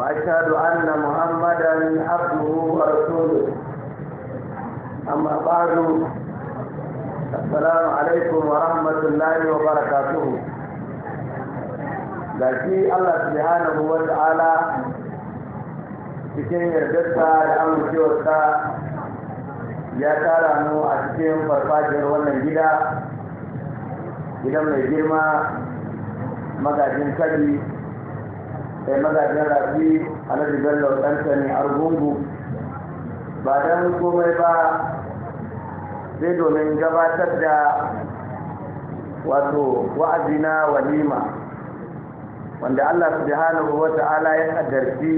وأشهد أن محمدا عبده ورسوله أما بعد السلام عليكم ورحمة الله وبركاته لكي الله سبحانه وتعالى cikin yardarsa da amincewarsa ya tara mu a cikin farfajiyar wannan gida gidan mai girma magajin kari sai mazajen rafi alhaji bello a argungu ba don komai ba sai domin gabatar da wato wa'azi na walima wanda allah subhanahu wa ta'ala ya kaddarci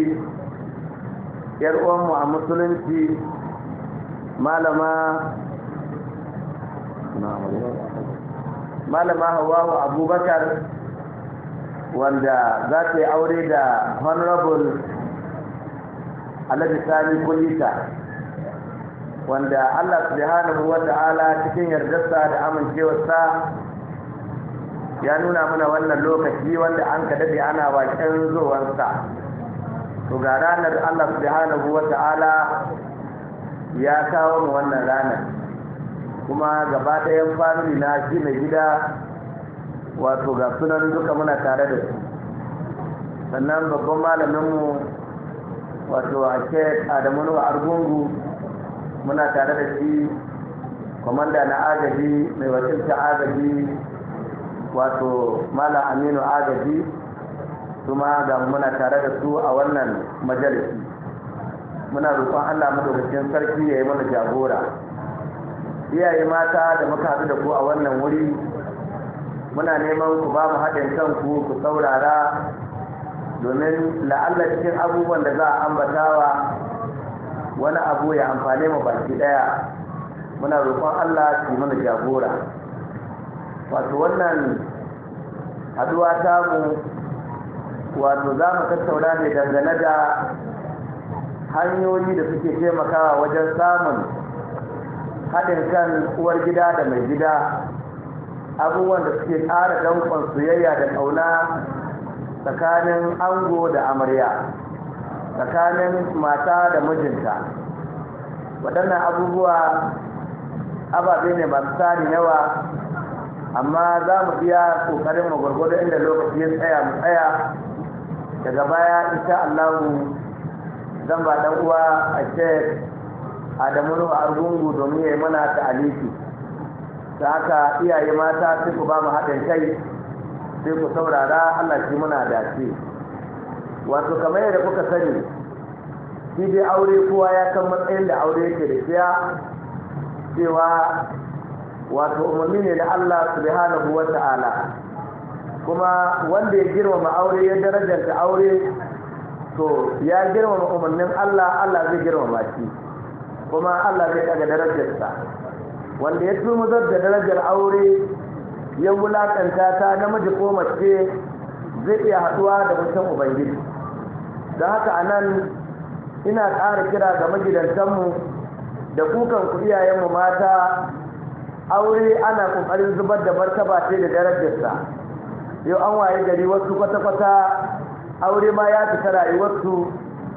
yaruwanmu a musulunci malama malama hawawu abubakar wanda za ta yi aure da honorable alhaji sani kulita wanda allah subhanahu wa ta'ala cikin yardarsa da amincewarsa ya nuna mana wannan lokaci wanda an ka daɗe ana waken zuwansa to ga ranar allah subhanahu wa ta'ala ya kawo mu wannan ranar kuma gaba ɗayan famili na shi mai gida wato ga sunan duka muna tare da su sannan babban malaminmu wato a ke adamu nuwa argungu muna tare da shi kwamanda na agaji mai wakilta agaji wato malam aminu agaji kuma ga muna tare da su a wannan majalisi muna roƙon allah madaukakin sarki ya yi mana jagora iyaye mata da muka haɗu da ku a wannan wuri muna neman ku ba mu haɗin kanku ku saurara domin la'alla cikin abubuwan da za a wa wani abu ya amfane mu baki ɗaya muna roƙon Allah su mana jagora wato wannan haɗuwa mu wato za mu tattauna ne dangane da hanyoyi da suke taimakawa wajen samun haɗin kan uwar gida da mai gida abubuwan da suke ƙara danƙon soyayya da ƙauna tsakanin ango da amarya tsakanin mata da mijinta waɗannan abubuwa ababe ne masu tsari yawa amma za mu iya ƙoƙarin mu inda lokaci ya tsaya mu tsaya daga baya insha Allahu zan ba ɗan uwa a shek Adamu Nuhu Argungu domin ya yi mana ta'aliki. da haka iyaye mata sai ku ba mu haɗin kai sai ku saurara Allah shi muna dace wato kamar yadda kuka sani shi dai aure kowa ya san matsayin da aure yake da siya cewa wato umarni ne da Allah subhanahu wa ta'ala kuma wanda ya girmama aure ya darajanta aure to ya girmama umarnin Allah Allah zai girmama shi kuma Allah zai ɗaga darajarsa wanda ya mazar da darajar aure ya wulaƙanta ta namiji ko mace zai iya haɗuwa da mutum ubangiji don haka a nan ina ƙara kira ga magidantanmu da kukan ku iyayenmu mata aure ana ƙoƙarin zubar da martaba ce da darajarsa yau an waye gari wasu kwata-kwata aure ma ya fita rayuwarsu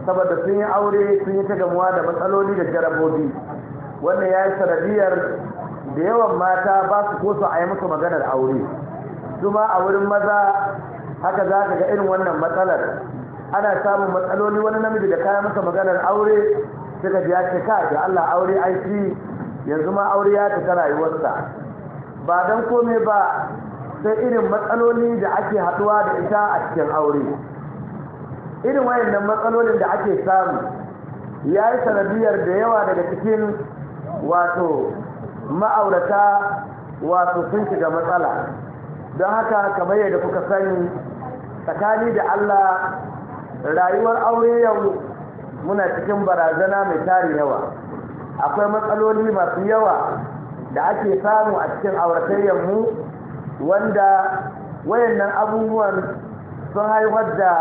saboda sun yi aure sun yi ta gamuwa da matsaloli da jarabobi wannan ya yi sanadiyar da yawan mata ba su ko su a yi musu maganar aure su ma a wurin maza haka za ka ga irin wannan matsalar ana samun matsaloli wani namiji da kayan masa maganar aure suka ji ya ce ka da Allah aure ai shi yanzu ma aure ya ta rayuwarsa ba dan komai ba sai irin matsaloli da ake haduwa da ita a cikin aure irin wayannan matsalolin da ake samu ya yi sanadiyar da yawa daga cikin wato ma'aurata wato sun shiga matsala don haka kamar yadda kuka sani tsakani da Allah rayuwar aure yau muna cikin barazana mai tari yawa akwai matsaloli masu yawa da ake samu a cikin auratayyar mu wanda wayannan abubuwan sun haifar da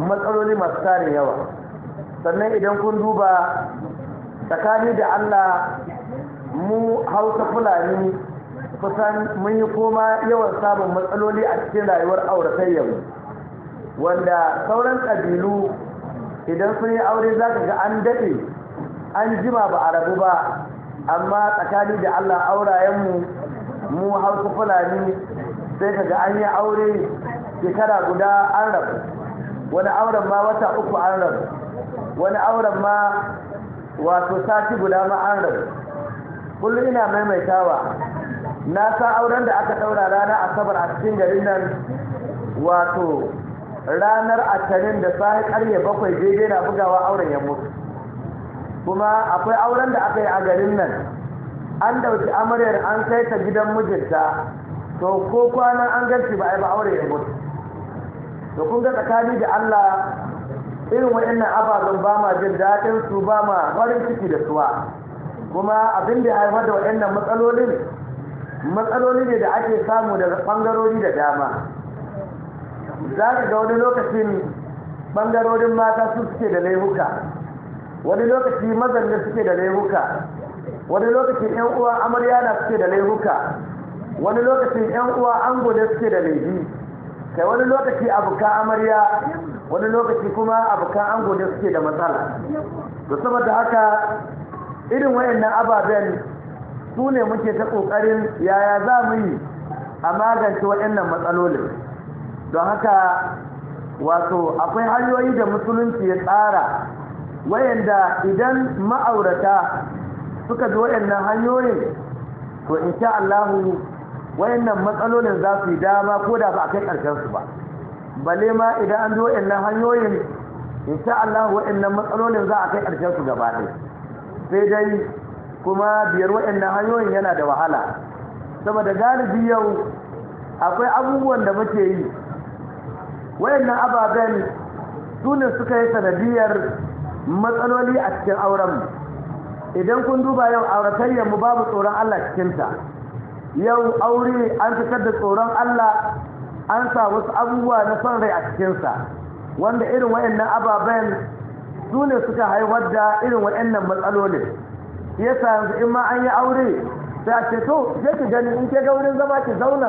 matsaloli masu tari yawa sannan idan kun duba tsakani da Allah mu hausa fulani kusan mun yi koma yawan samun matsaloli a cikin rayuwar yau wanda sauran ƙabilu idan sun yi aure za ka ga an daɗe an jima ba a rabu ba amma tsakani da allah aurayenmu mu hausa fulani sai ka ga an yi aure shekara guda an rabu wani auren ma wata uku an rabu wani auren ma wato sati guda ma an rabu kullum ina maimaitawa na san auren da aka daura ranar asabar a cikin garin nan wato ranar atanin da sahi karye bakwai daidai na bugawa auren ya mutu kuma akwai auren da aka yi a garin nan an dauki amaryar an kai ta gidan mijinta to ko kwanan an garci ba a yi ba auren ya mutu to kun ga tsakani da Allah irin wa'annan ababen ba ma jin daɗin su ba ma farin ciki da suwa kuma abin da ya haifar da waɗannan matsalolin matsaloli ne da ake samu daga ɓangarori da dama za ka ga wani lokacin ɓangarorin mata su suke da laifuka wani lokaci mazanne suke da laifuka wani lokacin yan uwa amarya na suke da laifuka wani lokacin yan uwa ango ne suke da laifi kai wani lokaci abokan amarya wani lokaci kuma abokan ango ne suke da matsala to saboda haka irin wayannan ababen su ne muke ta ƙoƙarin yaya za mu yi a magance waɗannan matsalolin don haka wato akwai hanyoyi da musulunci ya tsara wayanda idan ma'aurata suka bi waɗannan hanyoyin to insha Allahu wayannan matsalolin za su yi dama ko da ba a kai ƙarshen su ba bale ma idan an bi waɗannan hanyoyin insha Allah waɗannan matsalolin za a kai ƙarshen su gaba ɗaya sai dai kuma biyar waɗannan hanyoyin yana da wahala saboda galibi yau akwai abubuwan da muke yi waɗannan ababen su suka yi sanadiyar matsaloli a cikin auren idan kun duba yau auratayyar mu babu tsoron Allah cikinta yau aure an fitar da tsoron Allah an sa wasu abubuwa na son rai a cikinsa wanda irin waɗannan ababen su ne suka haifar da irin waɗannan matsalolin Ya yanzu in ma an yi aure sai a ce to je ki gani in ke gaurin zama ki zauna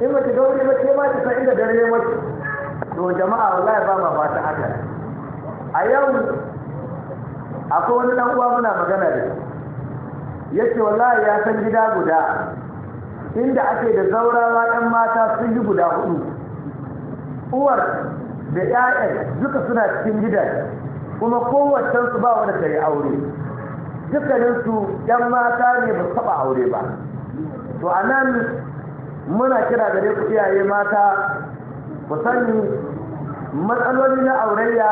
in ba ki ga ba ke ma ki san inda dare mace to jama'a wallahi ba ma ta haka a yau akwai wani dan uwa muna magana da Ya ce wallahi ya san gida guda inda ake da zaurawa yan mata sun yi guda hudu uwar da 'ya'yan duka suna cikin gidaje kuma kowace su ba wani ta yi aure dukkaninsu yan mata ne ba taɓa aure ba to a nan muna kira gare ku iyaye mata ku sani matsaloli na aurayya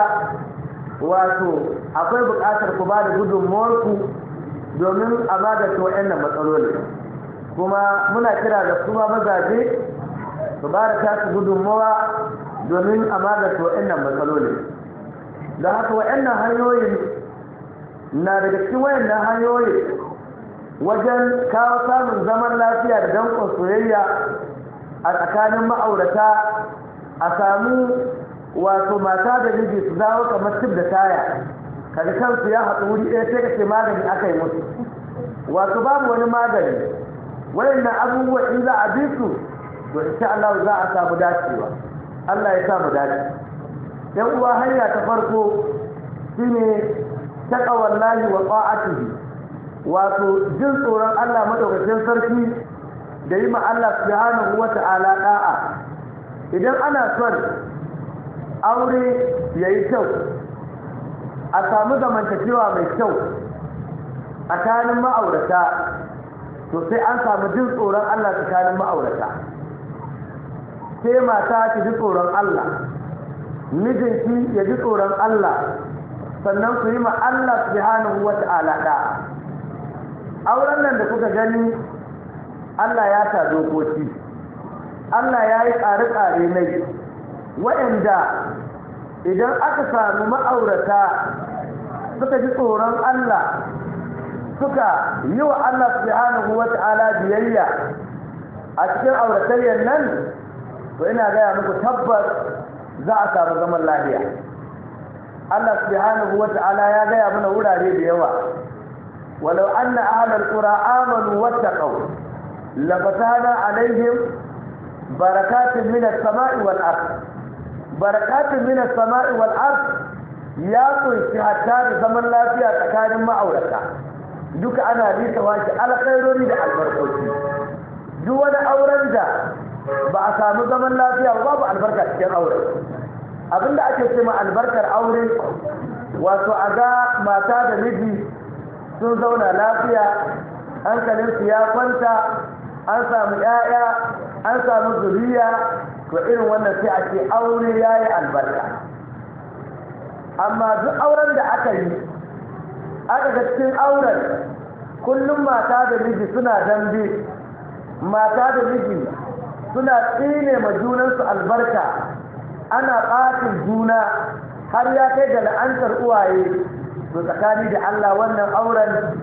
wato akwai buƙatar ku ba da gudunmuwarku domin a magance waɗannan matsaloli kuma muna kira da su ma mazaje su ba da tasu gudunmuwa domin a ma magance waɗannan matsaloli da haka waɗannan hanyoyin na daga cikin wayannan hanyoyin wajen kawo samun zaman lafiya da danƙon soyayya a tsakanin ma'aurata a samu wato mata da miji su zawo kamar tib da taya kaga kansu ya haɗu wuri ɗaya sai ka ce magani aka yi musu wato babu wani magani wayannan abubuwan in za a bi su to insha Allah za a samu dacewa Allah ya samu dace dan uwa hanya ta farko shine wallahi wa ta'atihi wato jin tsoron Allah madaukakin sarki da yi ma Allah subhanahu wa ta'ala da'a idan ana son aure yayi kyau a samu zamantakewa mai kyau a tsakanin ma'aurata to sai an samu jin tsoron Allah tsakanin ma'aurata sai mata ta ji tsoron Allah mijinki ya ji tsoron Allah sannan su yi ma Allah subhanahu wata'ala da auren nan da kuka gani Allah ya ta dokoki Allah ya yi tsare-tsare mai waɗanda idan aka samu ma'aurata suka ji tsoron Allah suka yi wa Allah subhanahu ta'ala biyayya a cikin auratayyar nan to ina gaya muku tabbas za a samu zaman lafiya Allah subhanahu wa ta'ala ya gaya mana wurare da yawa walau anna ahlal qura amanu wattaqaw lafatana alaihim barakatun min as-sama'i wal ard barakatun min as-sama'i wal ard ya kunshi hatta da zaman lafiya tsakanin ma'aurata duka ana lisa wace alkhairori da albarkoci duk wani auren da ba a samu zaman lafiya ba babu albarka cikin aure abinda ake ce albarkar aure wato a ga mata da miji sun zauna lafiya hankalinsu ya kwanta an samu 'ya'ya an samu zuriya to irin wannan sai a ce aure ya yi albarka amma duk auren da aka yi aka ga cikin auren kullum mata da miji suna dambe mata da miji suna tsine ma junansu albarka ana ɓatin juna har ya kai da la'antar uwaye to tsakani da Allah wannan auren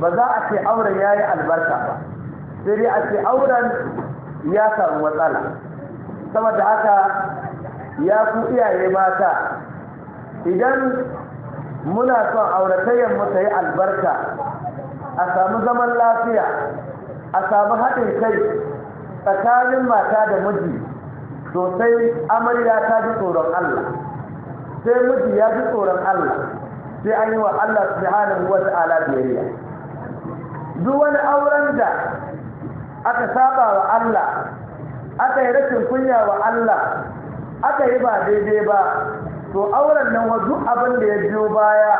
ba za a ce auren ya yi albarka ba sai dai a ce auren ya samu matsala saboda haka ya ku iyaye mata idan muna son auratayyar mu ta yi albarka a samu zaman lafiya a samu haɗin kai tsakanin mata da miji sosai amarya ta ji tsoron Allah sai miji ya ji tsoron Allah sai an yi wa Allah subhanahu wa ta'ala biyayya duk wani auren da aka saba wa Allah aka yi rashin kunya wa Allah aka yi ba daidai ba to auren nan wa duk abin da ya biyo baya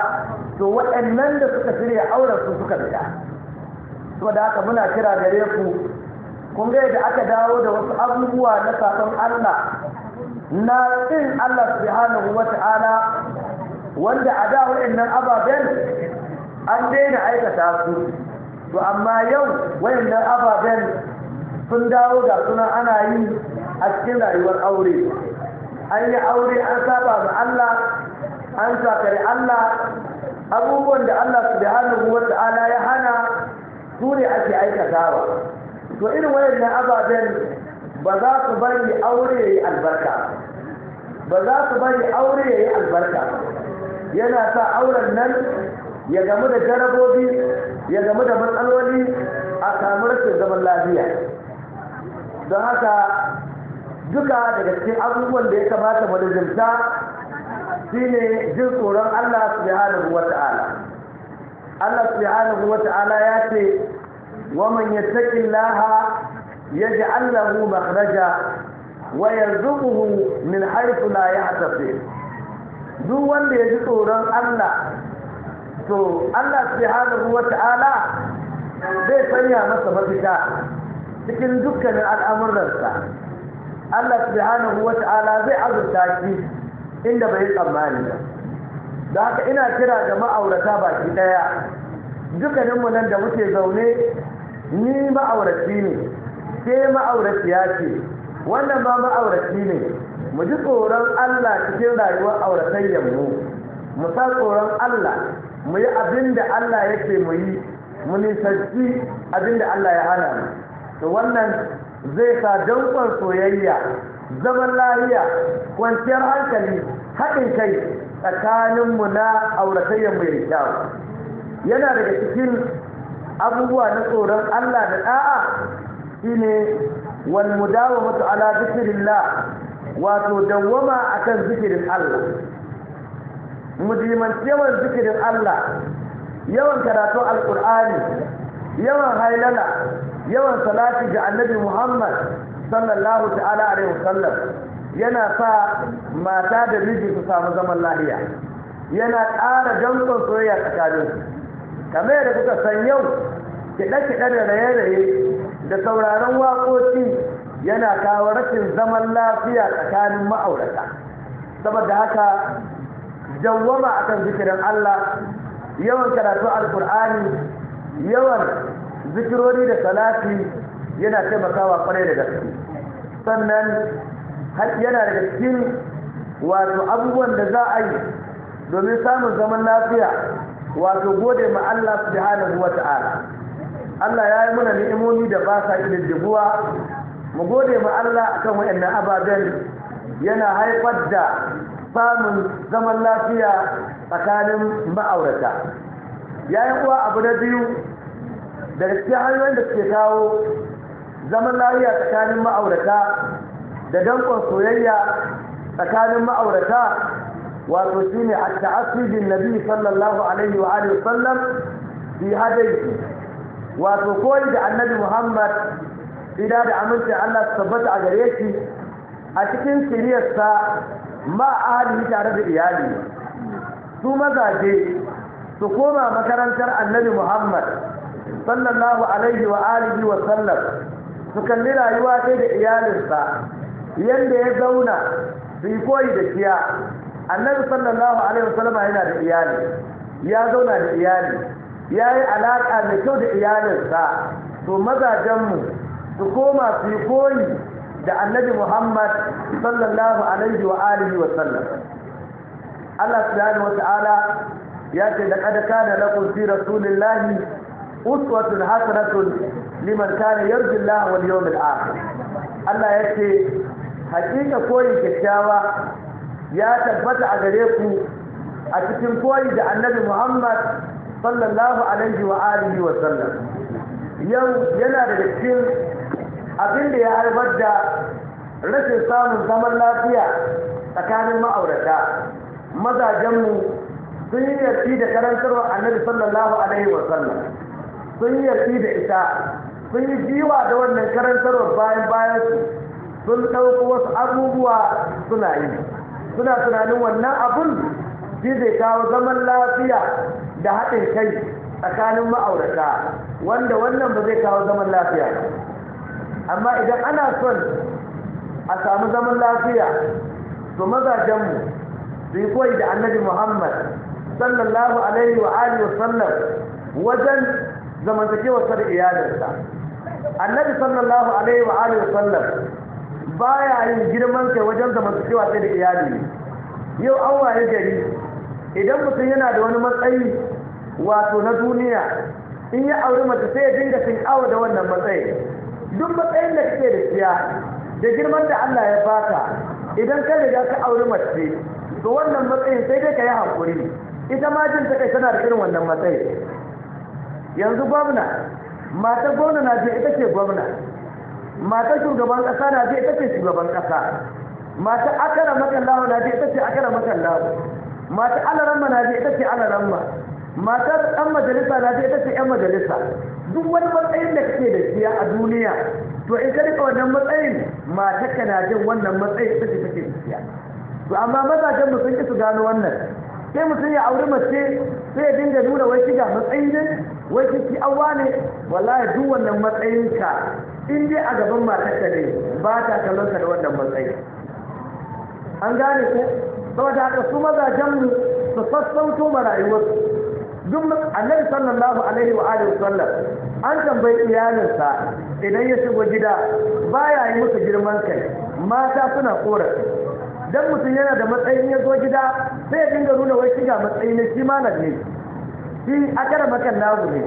to waɗannan da suka shirya auren su suka bida saboda haka muna kira gare ku kun ga yadda aka dawo da wasu abubuwa na sakon Allah na tsin Allah wa ta'ala wanda a da waɗannan ababen an daina aikata su to amma yau waɗannan ababen sun dawo da suna ana yi a cikin rayuwar aure an yi aure an saba ma Allah an sakari Allah abubuwan da Allah wa ta'ala ya hana su ne ake aikatawa to irin nan ababen ba za su bari aure ya yi albarka ba za su bari aure ya yi albarka yana sa auren nan ya gamu da jarabobi ya gamu da matsaloli a samu rashin zaman lafiya don haka duka daga cikin abubuwan da ya kamata mu lizimta shine jin tsoron Allah subhanahu wa ta'ala Allah subhanahu wa ta'ala ya ce ومن يتق الله يجعل له مخرجا ويرزقه من حيث لا يحتسب duk wanda ya ji tsoron Allah to Allah subhanahu wata'ala zai sanya masa mafita cikin dukkanin al'amuransa Allah subhanahu wata'ala zai azurta shi inda bai tsammani ba da haka ina kira ga ma'aurata baki daya dukkaninmu nan da muke zaune ni ma'aurati ne ke ma'auratiya ce wannan ba ma'aurati ne mu ji tsoron Allah cikin rayuwar auratayyar mu mu sa tsoron Allah mu yi abin da Allah yake mu yi mu nisanci abin da Allah ya hana mu to wannan zai sa danƙon soyayya zaman lafiya kwanciyar hankali haɗin kai tsakaninmu na auratayyar mai kyau yana daga cikin abubuwa na tsoron Allah da ɗa'a shine wal mutu ala zikrillah wato dawwama kan zikirin Allah mujimanci yawan zikirin Allah yawan karatun Alƙur'ani, yawan hailala yawan salati ga annabi Muhammad sallallahu ta'ala alaihi wasallam yana sa mata da miji su samu zaman lahiya yana ƙara danƙon soyayya tsakaninsu kamar yadda kuka san yau kiɗe-kiɗe da raye-raye da sauraron waƙoƙi yana kawo rashin zaman lafiya tsakanin ma'aurata saboda haka jawwama kan zikirin Allah yawan karatu alkur'ani yawan zikirori da salafi, yana taimakawa kwarai da gaske sannan yana da cikin wato abubuwan da za a yi domin samun zaman lafiya wato gode ma Allah subhanahu wa ta'ala Allah ya yi mana ni'imomi da ba sa ƙididdibuwa mu gode ma Allah akan waɗannan ababen yana haifar da samun zaman lafiya tsakanin ma'aurata yi kuwa abu na biyu da cikin hanyoyin da suke kawo zaman lafiya tsakanin ma'aurata da dankon soyayya tsakanin ma'aurata wato shine at-ta'assi nabi sallallahu alaihi wa alihi wasallam fi hadayhi wato koyi da annabi Muhammad ida da aminci Allah su tabbata a gare shi a cikin siriyarsa ma ahali tare da iyali su mazaje su koma makarantar annabi Muhammad sallallahu alaihi wa alihi wa sallam su kalli rayuwa da iyalinsa yadda ya zauna su koyi da kiya annabi sallallahu alaihi wasallam yana da iyali ya zauna da iyali ya yi alaƙa mai kyau da iyalinsa to mazajenmu su koma su yi koyi da annabi muhammad sallallahu alaihi wa alihi wasallam Allah subhanahu wa ta'ala ya ce da kada kana lakum fi rasulillahi uswatun hasanatun liman kana yarju Allah wal al akhir Allah ya ce hakika koyi kyakkyawa ya tabbata a gare ku a cikin koyi da annabi muhammad sallallahu alaihi wa alihi wa sallam yau yana da cikin abin da ya haifar da rashin samun zaman lafiya tsakanin ma'aurata mazajenmu sun yi yarfi da karantarwa annabi sallallahu alaihi wa sallam sun yi yarfi da ita sun yi jiwa da wannan karantarwa bayan bayan su sun ɗauko wasu abubuwa suna yi suna tunanin wannan abun shi zai kawo zaman lafiya da haɗin kai tsakanin ma'aurata wanda wannan ba zai kawo zaman lafiya amma idan ana son a samu zaman lafiya to mazajenmu su yi koyi da annabi muhammad sallallahu alaihi wa alihi wa sallam wajen zamantakewar sa da iyalinsa annabi sallallahu alaihi wa alihi wa sallam baya yin girman kai wajen cewa sai da iyali yau an waye gari idan mutum yana da wani matsayi wato na duniya in ya auri mace sai ya dinga sun awa da wannan matsayi duk matsayin da kake da siya da girman da Allah ya baka idan ka riga ka auri mace to wannan matsayin sai dai ka yi hakuri ita ma jin ta kai tana da irin wannan matsayi yanzu gwamna matar gwamna na ita ce gwamna Mata shugaban ƙasa na ce ita ce shugaban ƙasa Mata akara makallawa na ce ita ce akara makallawa mata alaramma na ce ita ce alaramma matar ɗan majalisa na ce ita ce ƴan majalisa duk wani matsayin da kake da siya a duniya to in ka rika wannan matsayin mata ka na jin wannan matsayin ita ce take da siya to amma mazajen mu sun ki su gano wannan sai mutum ya auri mace sai ya dinga nuna wai shiga matsayin ne wai shi awwa ne wallahi duk wannan matsayinka in dai a gaban matarka ne ba ta kallon ka da wannan matsayi an gane ko saboda haka su mazajen mu su sassauto ma rayuwarsu duk annabi sallallahu alaihi wa alihi sallam an tambayi iyalinsa idan ya shigo gida baya yi musu girman kai mata suna korafi dan mutum yana da matsayin ya zo gida sai ya dinga nuna wai shiga matsayi ne shi malam ne shi akara makan namu ne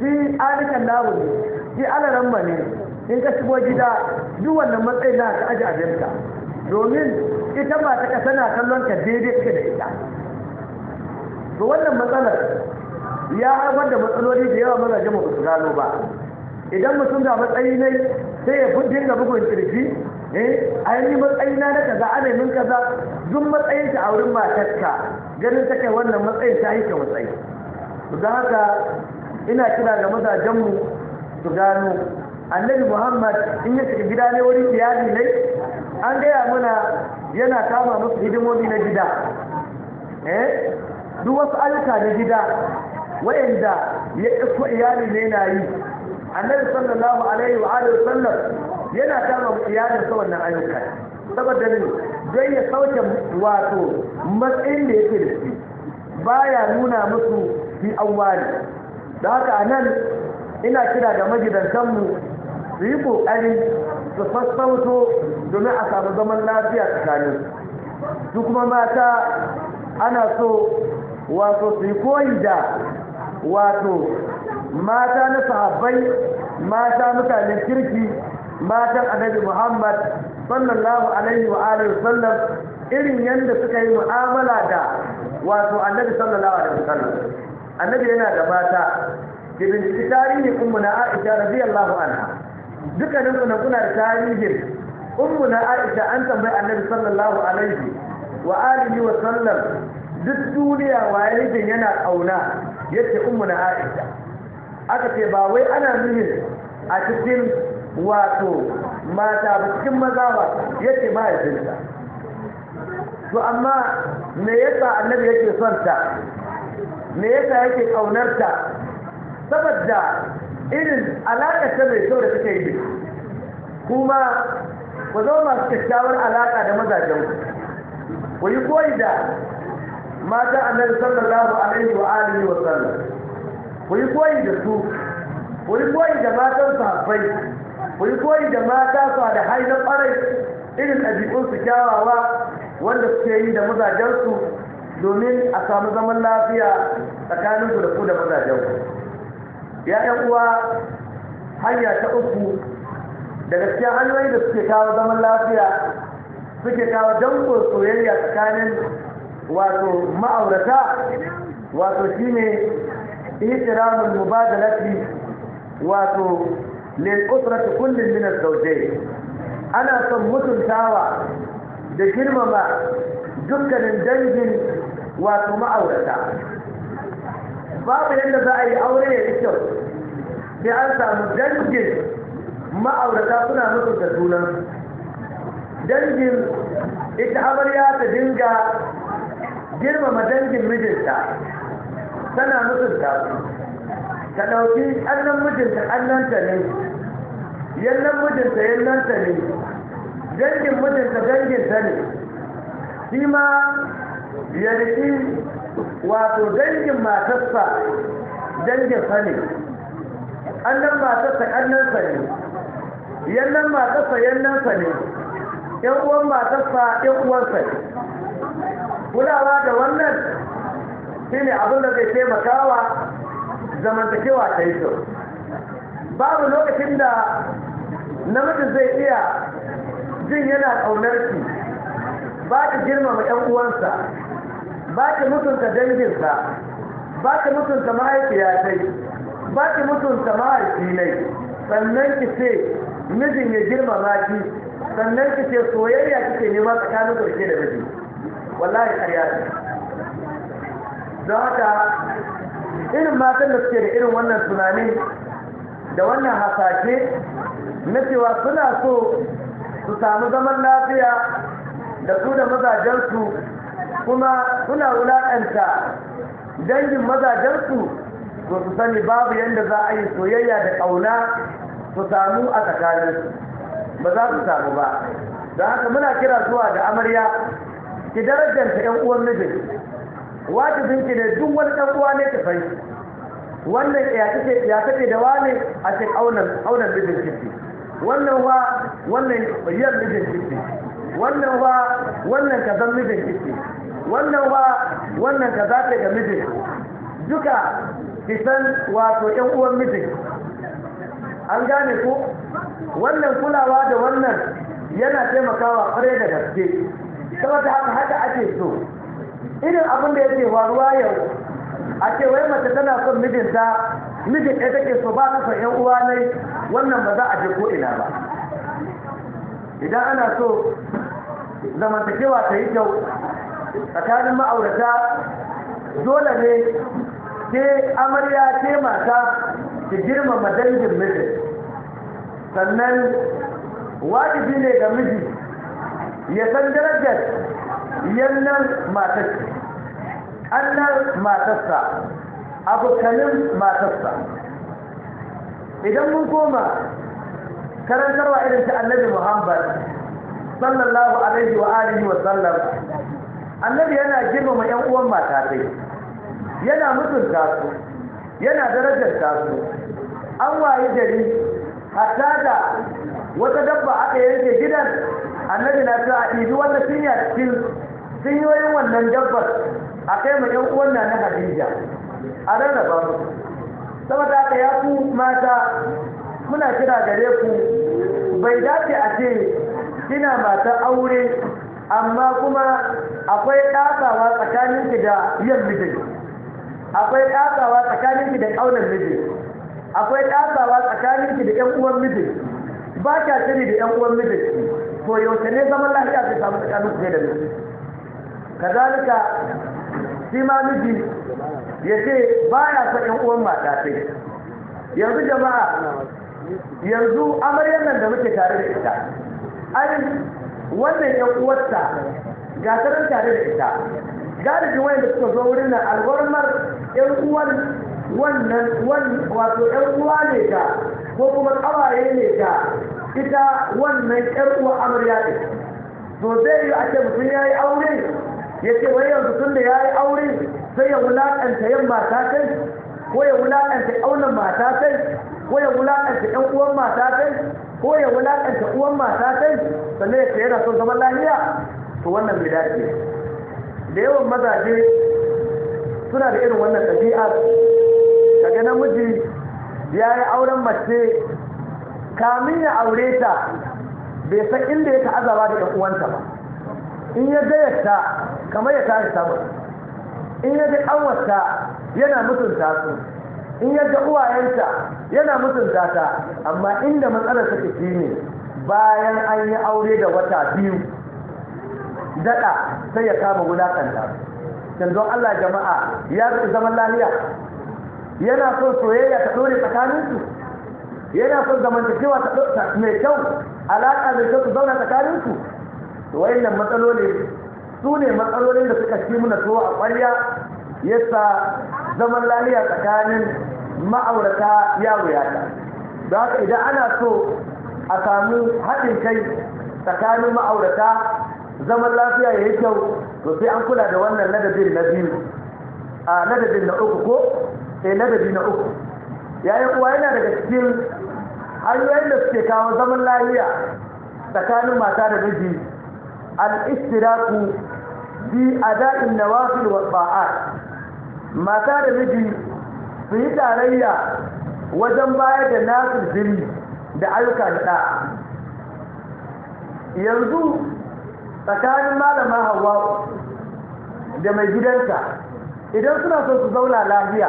shi alikan namu ne shi alaran ne in ka shigo gida duk wannan matsayin na ka aji domin ita ba ta kasa na kallon ka daidai ka da ita to wannan matsalar ya haifar da matsaloli da yawa mazaje ba su gano ba idan mutum da matsayi ne sai ya dinga bugun kirji eh ainihin matsayi na kaza ana min kaza duk matsayin ta a wurin matarka ganin take wannan matsayin ta yi ka matsayi to haka ina kira ga mu su gano annabi muhammad in ya shiga gida ne wurin iyali ne an gaya mana yana kama musu hidimomi na gida eh duk wasu ayyuka na gida wa'anda ya iko iyali ne na yi annabi sallallahu alaihi wa alihi sallam yana kama iyali sa wannan ayyuka saboda ne don ya sauke wato matsayin da yake da shi baya nuna musu fi awwali da haka anan ina kira ga magidantanmu su yi ƙoƙari su fasfauto domin a samu zaman lafiya tsakanin su kuma mata ana so wato su yi koyi da wato mata na sahabbai mata mutanen kirki matan annabi muhammad sallallahu alaihi wa alihi sallam irin yadda suka yi mu'amala da wato annabi sallallahu alaihi wa sallam annabi yana da mata da binciki tarihi ummu na aisha radiyallahu anha dukkanin ku kuna da tarihin ummu na Aisha an tambayi Annabi sallallahu alaihi wa alihi wa sallam duk duniya waye yake yana kauna yace ummu na Aisha aka ce ba wai ana nufin a cikin wato mata ba cikin maza ba yace mahaifinta to amma me yasa Annabi yake son ta me yasa yake kaunar ta saboda irin alaƙar ta mai kyau da suka yi kuma ku zo masu kyakkyawar alaƙa da mazajen ku yi koyi da mata annabi sallallahu alaihi wa alihi wa sallam ku yi koyi da su ku yi koyi da matan sahabbai ku yi koyi da mata su da haina ƙwarai irin su kyawawa wanda suke yi da mazajensu domin a samu zaman lafiya tsakaninku da ku da mazajen ku. ya yan uwa hanya ta uku da gaskiya hanyoyi da suke kawo zaman lafiya suke kawo danko soyayya tsakanin wato ma'aurata wato shi shine da mubadalati wato lil usrati kundin min ana son mutuntawa da girmama dukkanin dangin wato ma'aurata babu yadda za a yi aure ya yi kyau sai an samu dangin ma'aurata suna mutu da junan dangin ita amarya ta dinga girmama dangin mijinta tana mutunta su ta ɗauki annan mijinta annanta ne yannan mijinta yannanta ne dangin mijinta danginta ne shi ma ya shi. wato dangin matarsa danginsa ne annan matarsa kannansa ne yannan matarsa yannansa ne yan uwan matarsa yan uwansa ne kulawa da wannan shine abin da zai taimakawa zamantakewa ta yi babu lokacin da namijin zai iya jin yana ƙaunar shi ba ta girmama 'yan uwansa ba ka mutunta danginsa ba ka mutunta mahaifiya sai ba ka mutunta mahaifi ne sannan ki ce mijin ya girmama ki sannan ki ce soyayya kike nema tsakanin ƙarshe da miji wallahi ƙarya ce don haka irin matan da suke da irin wannan tunani da wannan hasashe na cewa suna so su samu zaman lafiya da su da mazajensu kuma suna wulaƙanta dangin mazajensu to su sani babu yadda za a yi soyayya da ƙauna su samu a tsakaninsu ba za su samu ba da haka muna kira zuwa da amarya ki darajanta yan uwan mijin wajibin ki ne duk wani ɗan uwa ne ki sai wannan ya kace ya kace da wani a cikin ƙaunar aunan mijin kici wannan wa wannan yiyar mijin kici wannan wa wannan kazan mijin kici wannan ba wannan ka za ta ga mijin duka kisan wato yan uwan mijin an gane ku wannan kulawa da wannan yana taimakawa kare da gaske saboda haka haka ake so irin abin da yake faruwa yau a ce wai mace tana son mijinta mijin ɗaya take so ba ta son yan uwa ne wannan ba za a je ko ina ba idan ana so zamantakewa ta yi kyau tsakanin ma'aurata dole ne ke amarya ke mata ki girmama dangin miji sannan wajibi ne ga miji ya san darajar yannan matarsa annan matarsa abokanin matarsa idan mun koma karantarwa irin ta annabi muhammad sallallahu alaihi wa alihi wa sallam annabi yana girmama yan uwan mata sai yana mutunta su yana ta su an waye gari hatta da wata dabba aka yanke gidan annabi na ta a ibi wannan sinya cikin sinyoyin wannan dabbar a kai ma yan uwan na hadija a rarraba su saboda aka ya ku mata muna kira gare ku bai dace a ce kina mata aure amma kuma akwai ɗasawa tsakaninki da yin mijin akwai ɗasawa tsakaninki da ƙaunar mijin akwai ɗasawa tsakaninki da ƴan uwan mijin ba kya shiri da ƴan uwan mijin to yaushe ne zaman lafiya ke samu tsakanin ku da mijin kazalika shi ma miji ya ce ba ya son ƴan uwan mata sai yanzu jama'a yanzu amaryar nan da muke tare da ita ai wannan ya uwarta ga tare da ita galibin da suka zo wurin nan alwarmar yan uwan wannan wato yan uwa ne ta ko kuma kawaye ne ta ita wannan yan uwa amarya ce to zai yi a ce mutum ya yi aure ya ce wai yanzu tun da ya yi aure sai ya wulaƙanta yan mata ko ya wulaƙanta ƙaunar mata kai ko ya wulaƙanta yan uwan mata kai ko ya wulakanta uwan mata sai sannan ya da son zaman lafiya to wannan bai dace da yawan mazaje suna da irin wannan ɗabi'a kaga namiji ya yi auren mace kamin ya aure ta bai san inda ya ta'azaba da uwanta ba in ya gayyata kamar ya tashi samun in ya ga ƙanwarta yana mutunta su in ya ga uwayenta yana mutunta ta amma inda matsalar take shine bayan an yi aure da wata biyu daɗa sai ya kama wulakanta don Allah jama'a ya zaɓi zaman lafiya yana son soyayya ta ɗore tsakaninsu yana son zamantakewa ta mai kyau alaƙa mai kyau su zauna tsakaninsu wayannan matsaloli su ne matsalolin da suka ci muna tuwo a ƙwarya yasa zaman lafiya tsakanin ma'aurata ya wuyata don haka idan ana so a samu haɗin kai tsakanin ma'aurata zaman lafiya ya yi kyau to sai an kula da wannan ladabin na biyu a ladabin na uku ko sai eh, ladabi na uku yayin uwa yana daga cikin hanyoyin da suke kawo zaman lafiya tsakanin mata da miji al-istiraku bi ada'in nawafil wa ba'at mata da miji su yi tarayya wajen bayar da nasu jini da ayyuka da yanzu tsakanin malama hawa da mai gidanta idan suna so su zauna lafiya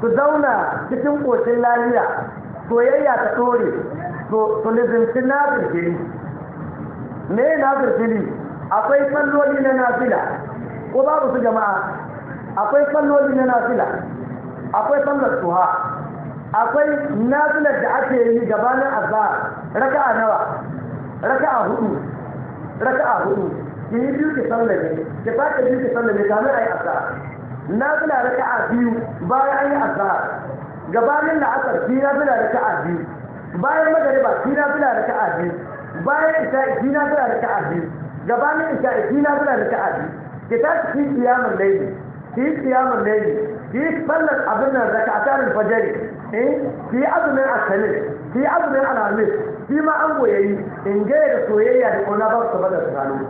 su zauna cikin ƙoshin lafiya soyayya ta ɗore su nizinci nazir jini me nazir jini akwai kalloli na nafila ko babu su jama'a akwai salloli na nafila akwai sallar suha akwai nafilar da ake yi gabanin azhar raka'a nawa raka'a hudu raka'a hudu ki yi biyu ki ne ki sake biyu ki ne kamar yi azhar nafila raka'a biyu bayan an yi azhar gabanin la'asar ki nafila raka'a biyu bayan magariba ki nafila raka'a biyu bayan isha'i ki nafila raka'a biyu gabanin isha'i ki nafila raka'a biyu ki tashi ki kiyamul layli ki yi kiyamun laili ki yi sallar abin nan zaka a tarin fajari eh ki yi azumin asalin ki yi alhamis shi ma an goyayi in gaya da soyayya da ƙona ba su bada tsakanin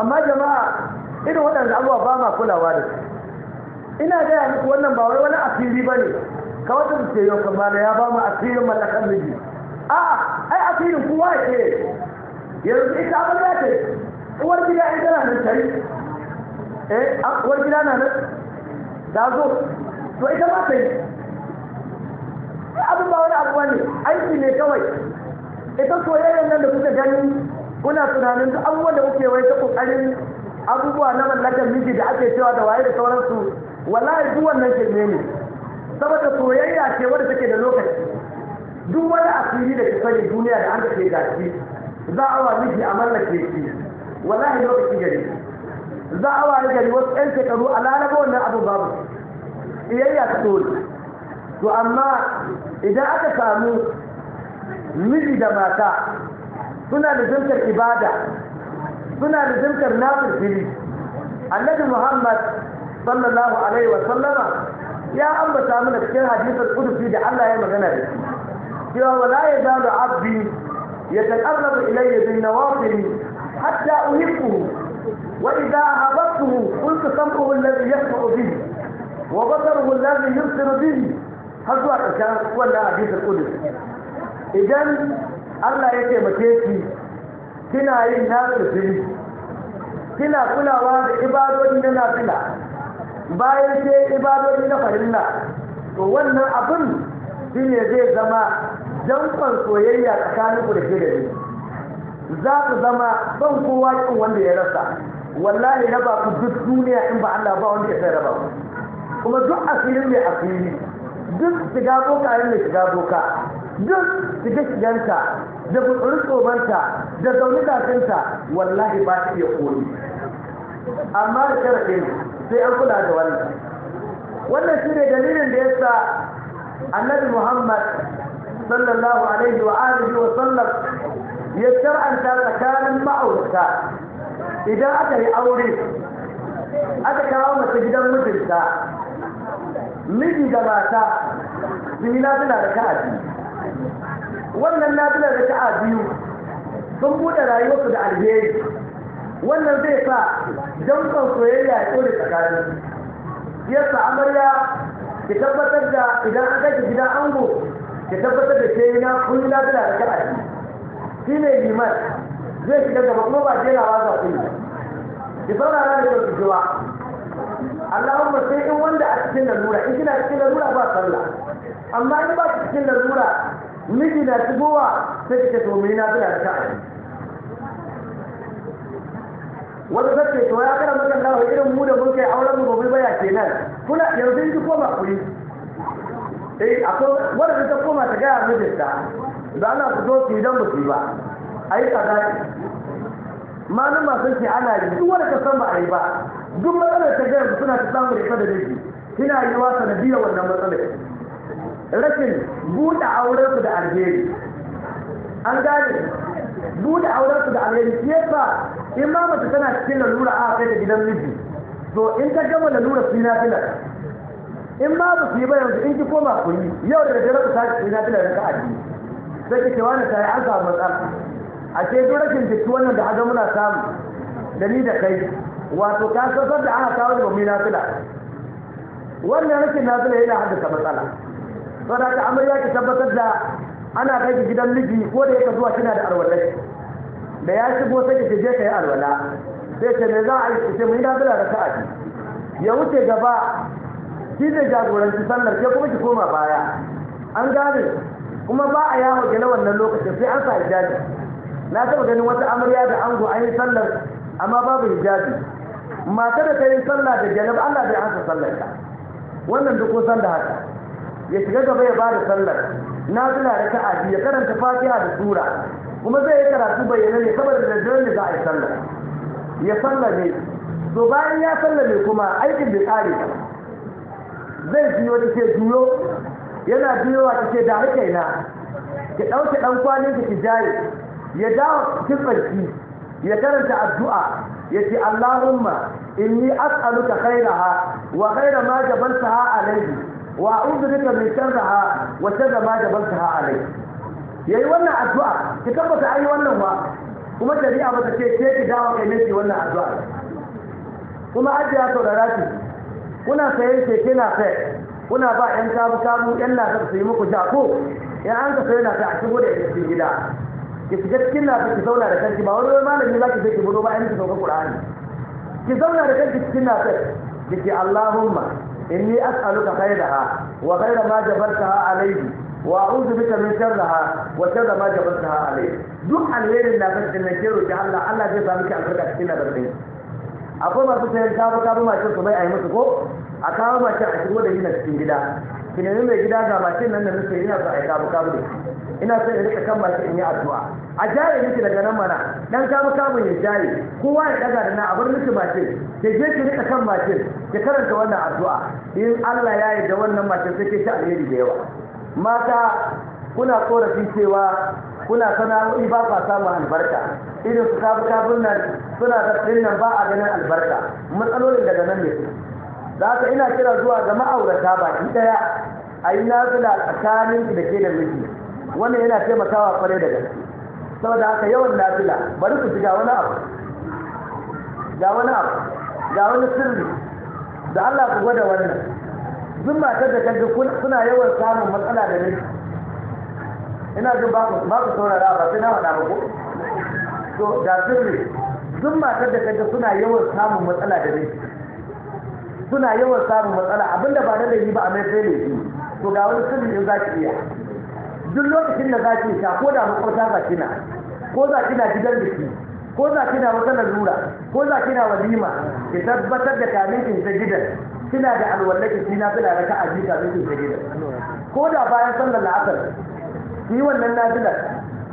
amma jama'a irin waɗanda abubuwa ba ma kulawa da su ina gaya muku wannan ba wani asiri ba ne ka wata su ce yau kan ya ba mu asirin mallakan miji a'a ai asirin kowa ya ce yanzu ita abin za ta uwar gida in tana nan tare eh an uwar gida na nan da zo to ita ma ta yi abin ba wani abu ne aiki ne kawai ita soyayyar nan da kuka gani kuna tunanin duk abubuwan da kuke wai ta kokarin abubuwa na mallakar miji da ake cewa da waye da sauransu wallahi duk wannan ke ne saboda soyayya ce wadda take da lokaci duk wani asiri da ke sani duniya da an da ke gashi za a wa miji a mallake shi wallahi lokaci gare ne. za a wani gari wasu 'yan shekaru a lalaba wannan abin babu iyayya ta dole to amma idan aka samu miji da mata suna nizamtar ibada suna nizamtar nafin fili annabi muhammad sallallahu alaihi wa sallama ya ambata mana cikin hadisar kudufi da Allah ya magana da shi cewa wala yazalu abdi yataqarrabu ilayya bin nawafil hatta uhibbuhu وإذا أهبته قلت سمعه الذي يسمع به وبصره الذي يبصر به har zuwa ƙarshen wannan da kudus idan Allah ya taimake ki kina yin nasiri kina kulawa da ibadodi na nafila bayan sai ibadodi na farilla to wannan abin shine zai zama jamfan soyayya tsakanin ku da ke da ni za ku zama ban kowa kin wanda ya rasa wallahi na ku duk duniya in ba Allah ba wanda ya sai raba kuma duk asirin mai asiri duk shiga boka yin mai shiga boka duk shiga shiganta da butsurin tsobanta da zaune kasinta wallahi ba ta iya kori amma da sharafin sai an kula da wannan wannan shi ne dalilin da ya sa annabi muhammad sallallahu alaihi wa alihi wa sallam ya shar'anta tsakanin ma'aurata idan aka yi aure aka kawo mace gidan mijinta miji da mata su yi nafila da ka'a biyu wannan nafila da ka'a biyu sun buɗe rayuwarsu da alheri wannan zai sa jamfan soyayya ya tsore tsakanin yasa amarya ki tabbatar da idan an kai gidan ango ki tabbatar da ke yi na kun yi da ka'a biyu shi ne liman zai fi daga kuma ba na ba za su yi ki na da kyau ki ji ba Allahumma sai in wanda a cikin lalura in kina cikin lalura ba sallah amma in ba cikin lalura miji na shigowa sai kike to mai na tana ta wanda take to ya kana maka Allah irin mu da mun kai auren mu gobe baya kenan kuna yanzu ki koma kuri eh akwai wanda ta koma ta ga mijinta da Allah ku zo ki dan ba ba a yi tsada malama sun ce ana yi duk wanda ka san ba a yi ba duk matsalar ta gaya suna ta samun rifa da laifi Kina yi wa sanadiyar wannan matsalar rashin buɗe aurensu da alheri an gane buɗe aurensu da alheri shi yasa in ma mace tana cikin lalura a kai da gidan miji to in ta gama lalura su yi nafilar in ma ba su yi ba yanzu in ki koma ku yi yau da dare ku tashi su yi nafilar ka addini sai ki ce wani ta yi an samu matsala a ce duk rashin jiki wannan da haga muna samu da ni da kai wato ka kasar da aka kawo da mai wannan rashin nafila yana haddasa matsala saboda amarya ki tabbatar da ana kai gidan miji ko da yake zuwa kina da alwalai da ya shigo sai ki je kai alwala sai ce me za a yi ce mu yi da sa'a ya wuce gaba shi ne jagoranci sallar ke kuma ki koma baya an gane kuma ba a yawo gina wannan lokacin sai an sa hijabi na taba ganin wata amarya da ango an yi sallar amma babu hijabi mata da ta yi sallah da janab Allah bai ansa sallar ta wannan duk kusan da haka ya shiga gaba ya ba da sallar na tuna da ta'adi ya karanta fatiha da sura kuma zai yi karatu bayyana ne saboda da ne za a yi sallar ya ne to bayan ya sallar ne kuma aikin da kare ba zai juyo da ke juyo yana juyowa ta ce da hakaina ki ɗauke ɗan kwanin ki jaye ya dawo cikin tsarki ya karanta addu'a ya ce Allahumma inni as'aluka khairaha wa khaira ma jabaltaha alayhi wa a'udhu bika min sharriha wa sharri ma jabaltaha alayhi yayi wannan addu'a ki tabbata ai wannan ba kuma shari'a ba ta ce ke ki dawo kai miki wannan addu'a kuma ajiya saurara ki kuna sayen keke na sai kuna ba yan kabu kabu yan lafiya su yi muku jako 'yan an ka sai na ta a shigo da ita cikin gida ki shiga cikin nafi ki zauna da kanki ba wani wani malami za ki sai ki budo ba yanki sauka qur'ani ki zauna da kanki cikin nafi ki ce allahumma inni as'aluka ha, wa da ma jabartaha alayhi wa a'udhu bika min sharriha wa sharra ma jabartaha alayhi duk alherin da kan na ke roki Allah Allah zai samu ki albarka cikin nafi din akwai masu sayan kafa kafa mashin su mai ayi musu ko a kawo mashin a shigo da yi na cikin gida ki mai gida ga mashin nan da nake ina so a yi kabu kabu ina so in rika kan mashin in yi addu'a a jari miki daga nan mana dan kabu kabu ya jare kowa ya daga da na a bar miki mashin ke je ki rika kan mashin ki karanta wannan addu'a in Allah ya da wannan mashin sai ke ta alheri da yawa mata kuna korafi cewa kuna sana'o'i ba kwa samun albarka irin su kabu kabun nan suna da nan ba a ganin albarka matsalolin daga nan ne za ka ina kira zuwa ga ma'aurata baki daya a yi nazila tsakanin da ke da miji wannan yana taimakawa kwarai da gaske saboda haka yawan nazila bari ku ji ga wani abu ga wani abu ga wani sirri da Allah ku gwada wannan duk matar da kanta suna yawan samun matsala da miji ina jin ba ku saurara ba sai na faɗa ba ko to da sirri duk matar da kanta suna yawan samun matsala da miji suna yawan samun matsala abinda ba da yi ba a mai sai su, to ga wani sirri in za ki iya duk lokacin da za ki sha ko da makwabta za kina ko za kina gidan biki ko za kina wata lalura ko za kina walima ki tabbatar da kamin kin ta gidan kina da alwallaki kina fila raka a jika kin ta gidan ko da bayan sallar la'asar ki yi wannan nazilar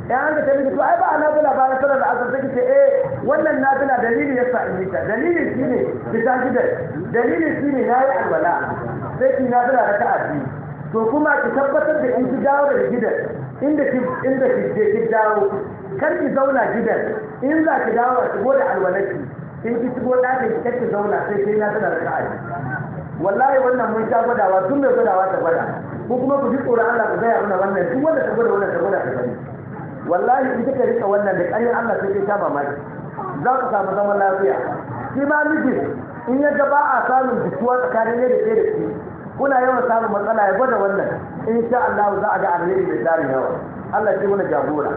ya an da tabi to ai ba nafila ba na sanar da azar take ce eh wannan nafila dalili yasa in ta dalili shine bisa gidan dalili shine nayi alwala sai ki nafila da ta'addi to kuma ki tabbatar da in ki dawo da gidan inda ki inda ki je ki dawo kar ki zauna gidan in za ki dawo ki go da alwalaki in ki shigo ɗakin ki kar ki zauna sai sai nafila da ta'addi wallahi wannan mun sha gwadawa tun mai gwadawa ta gwada ko kuma ku ji tsoron Allah ku gaya mana wannan duk wanda ta gwada wannan ta gwada ta gwada wallahi in kika rika wannan da ƙarfin Allah sai kai ta mamaki za ku samu zaman lafiya shi ma mijin in yadda ba a samun jituwa tsakanin ne da ke da shi kuna yawan samun matsala ya gwada wannan in sha Allah za a ga alheri da tsarin yawa Allah shi wani jagora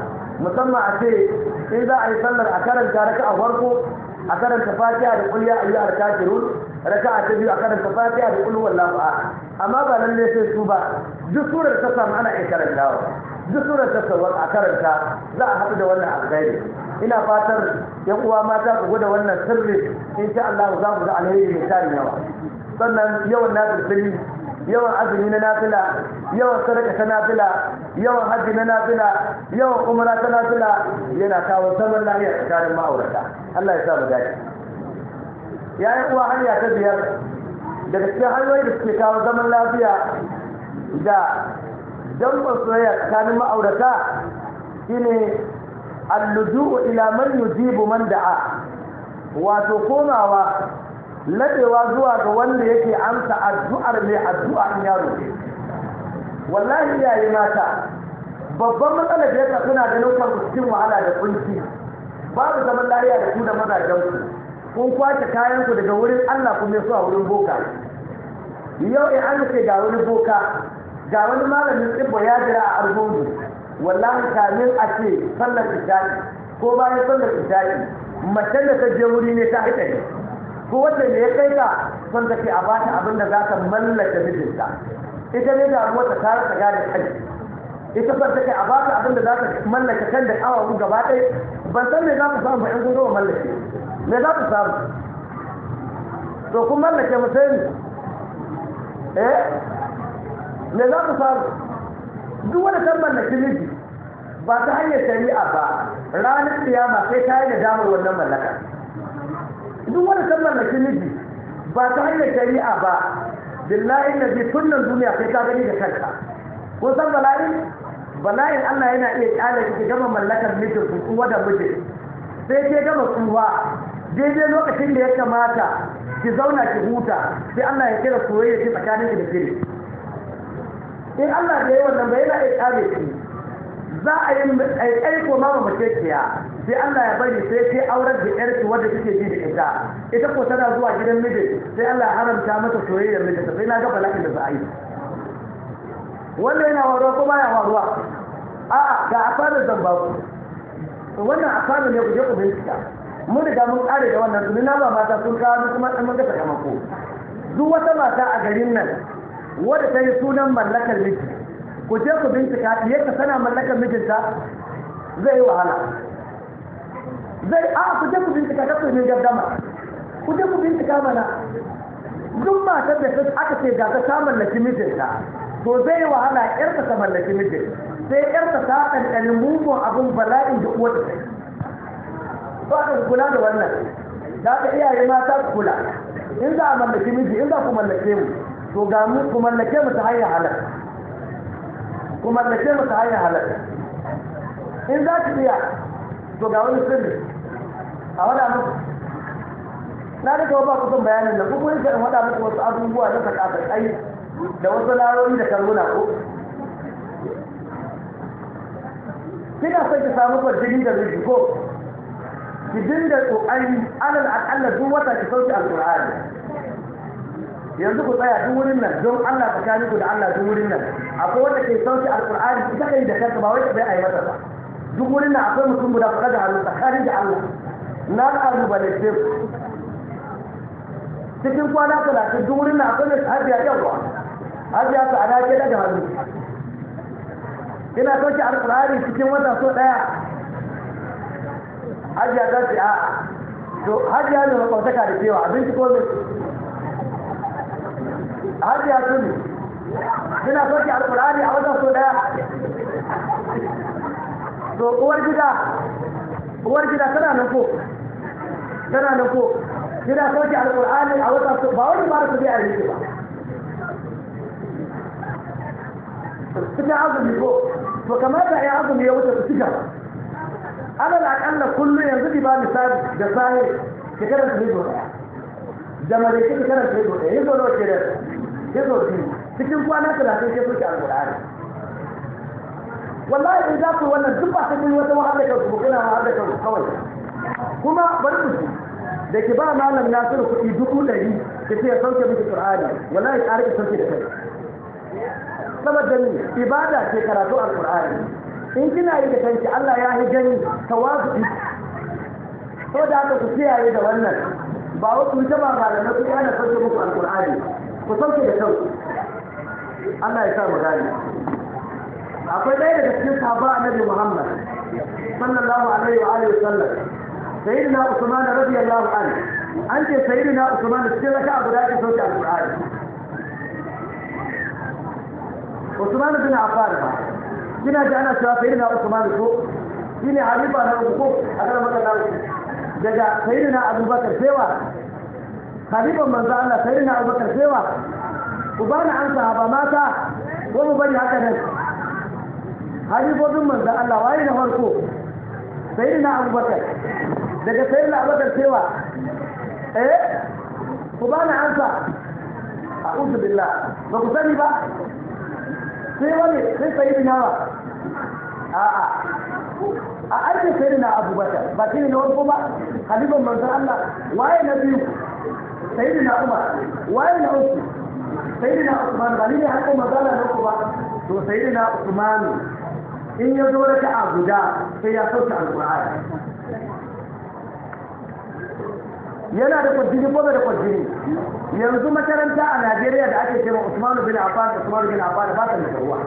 musamman a ce in za a yi sallar a karanta raka a farko a karanta fatiha da kulliya ayyuhal raka raka'a ta biyu a karanta fatiha da kullu wallahu amma ba lalle sai su ba duk surar ta samu ana iya karantawa duk sura ta a karanta za a haɗu da wannan alkhairi ina fatar yan uwa mata ku gwada wannan sirri in sha Allah za ku ga alheri mai tarin yawa sannan yawan nafilfili yawan azumi na nafila yawan sadaka ta nafila yawan haji na nafila yawan umra ta nafila yana kawo zaman lafiya tsakanin ma'aurata Allah ya sa mu dace yayin uwa hanya ta biyar daga cikin hanyoyi da suke kawo zaman lafiya da jam'in soyayya tsakanin ma'aurata shine alluju'u ila man yujibu man da'a wato komawa ladewa zuwa ga wanda yake amsa addu'ar mai addu'a in yaro wallahi yayi mata babban matsalar da yasa suna ganin kan cikin wahala da kunci babu zaman lafiya da ku da kun kwace kayanku daga wurin Allah kuma yaso a wurin boka yau in an ce ga wurin boka ga wani malamin tsibbo ya jira a argungu wallahi kamin a ce sallar isha'i ko bayan sallar isha'i mace da ta je wuri ne ta haɗa ne ko wanda ne ya kai ka son take a bata abin da za ta mallaka mijinta ita ne damuwa ta tara ta gane kai ita son take a bata abin da za ta mallaka kan da awawu gaba ɗaya ban san me za ku samu ba in gudu mallake me za ku samu to kun mallake mu eh me za ku samu duk wani kan mallaki miji ba ta hanyar shari'a ba ranar kiyama sai ta yi da damar wannan mallaka duk wani kan mallaki miji ba ta hanyar shari'a ba billahi na bi nan duniya sai ta gani da kanka kun san bala'in bala'in Allah yana iya kyale ki gama mallakar mijin ku kuwa da mijin sai ke gama kuwa daidai lokacin da ya kamata ki zauna ki huta sai Allah ya kira soyayya ki tsakanin ki da kiri in Allah da yi wannan bai yana iya kare shi za a yi aiko ma mace kiya sai Allah ya bari sai ke aurar da yarki wadda kike ji da ita ita ko tana zuwa gidan miji sai Allah ya haramta mata soyayyar miji sai na ga bala'in da za a yi wannan yana waruwa ko baya waruwa a'a ga ba ku wannan asarar ne ku je ku bincika mun riga mun kare da wannan tuni na ba mata sun kawo kuma an mun ga sakamako duk wata mata a garin nan wadda ta yi sunan mallakar miji ku je ku bincika ka sana mallakar mijinta zai yi wahala zai a ku je ku bincika ta ku ne gaddama ku je ku bincika mana duk matar da aka ce ga ta mallaki mijinta to zai yi wahala yarka ta mallaki mijin sai yarka ta ɗanɗani mugun abin bala'in da uwar ta ba ka kula da wannan za ka iyaye mata kula in za a mallaki miji in za ku mallake mu to ga mu ku mallake mu ta hanyar halal ku mallake mu ta hanyar halal in za ki iya to ga wani sirri a wada muku na da ba ku son bayanin nan kuma yakan wada muku wasu abubuwa na sakasakai da wasu larori da kalmuna ko kina son ki samu kwarjini da zuci ko ki dinga ƙoƙari alal akalla duk wata ki sauki alƙur'ani yanzu ku tsaya duk wurin nan don Allah kani ku da Allah duk wurin nan akwai wanda ke sauki alqur'ani ita kai da kanka ba wai ka bai ayi mata ba duk wurin nan akwai mutum guda kuka da hannu tsakanin da Allah na kalubalance ku cikin kwana talatin duk wurin nan akwai mai hajiya yawa hajiya ta ana ke da hannu ina sauki alqur'ani cikin wata so daya hajiya ta ce a'a to hajiya ne ba kautaka da cewa abinci ko ne har ya tuni kina soke alkurani a wajen so daya to uwar gida uwar gida tana nan ko tana nan ko kina soke alkurani a wajen so ba wani ba su biya ne ba cikin azumi ko to kamata ya azumi ya wuce su cika alal akalla kullum yanzu ki ba misali da sahi ki karanta hizo daya da malaiki ki karanta hizo daya hizo nawa ke da ya zo biyu cikin kwana talatin sai kuke alƙur'ani wallahi in za ku wannan duk ba ta kun wata wahalar kanku kuna wahalar kanku kawai kuma bari ku da ki ba malam nasiru kuɗi dubu ɗari ki ce ya sauke miki qur'ani wallahi ka rike sauke da kai saboda ni ibada ce karatu alqur'ani in kina yi da kanki Allah ya yi gani tawazu saboda haka ku kiyaye da wannan ba wai ku ba malamai ku yana sauke muku alqur'ani ku sauke da kyau. Allah ya sa mu gane akwai ɗaya daga cikin sahaba annabi Muhammad sallallahu alaihi wa alihi wasallam sayyidina Usman radiyallahu anhu an ce sayyidina Usman cikin raka'a guda ke sauke alqur'ani Usman bin Affan ba kina ji ana cewa sayyidina Usman ko shine Habiba na uku ko a kan magana daga sayyidina Abubakar sai wa habibin manzo Allah sai na Abubakar cewa ku bani an sahaba mata ko mu bari haka ne? habibin manzo Allah wai na farko sai na Abubakar daga sai na Abubakar cewa eh ku bani an sa a'udhu billah ba ku sani ba sai wani sai sai nawa a'a a aikin sai na Abubakar ba shi ne na farko ba habibin manzo Allah waye na biyu sayyidina umar waye na uku sayyidina usman ba ni ne har kuma zala na uku ba to sayyidina usman in ya zo da ka'a guda sai ya sauke alqur'ani yana da kwajini ko da kwajini yanzu makaranta a Najeriya da ake cewa Usman bin Affan Usman bin Affan ba ta da ruwa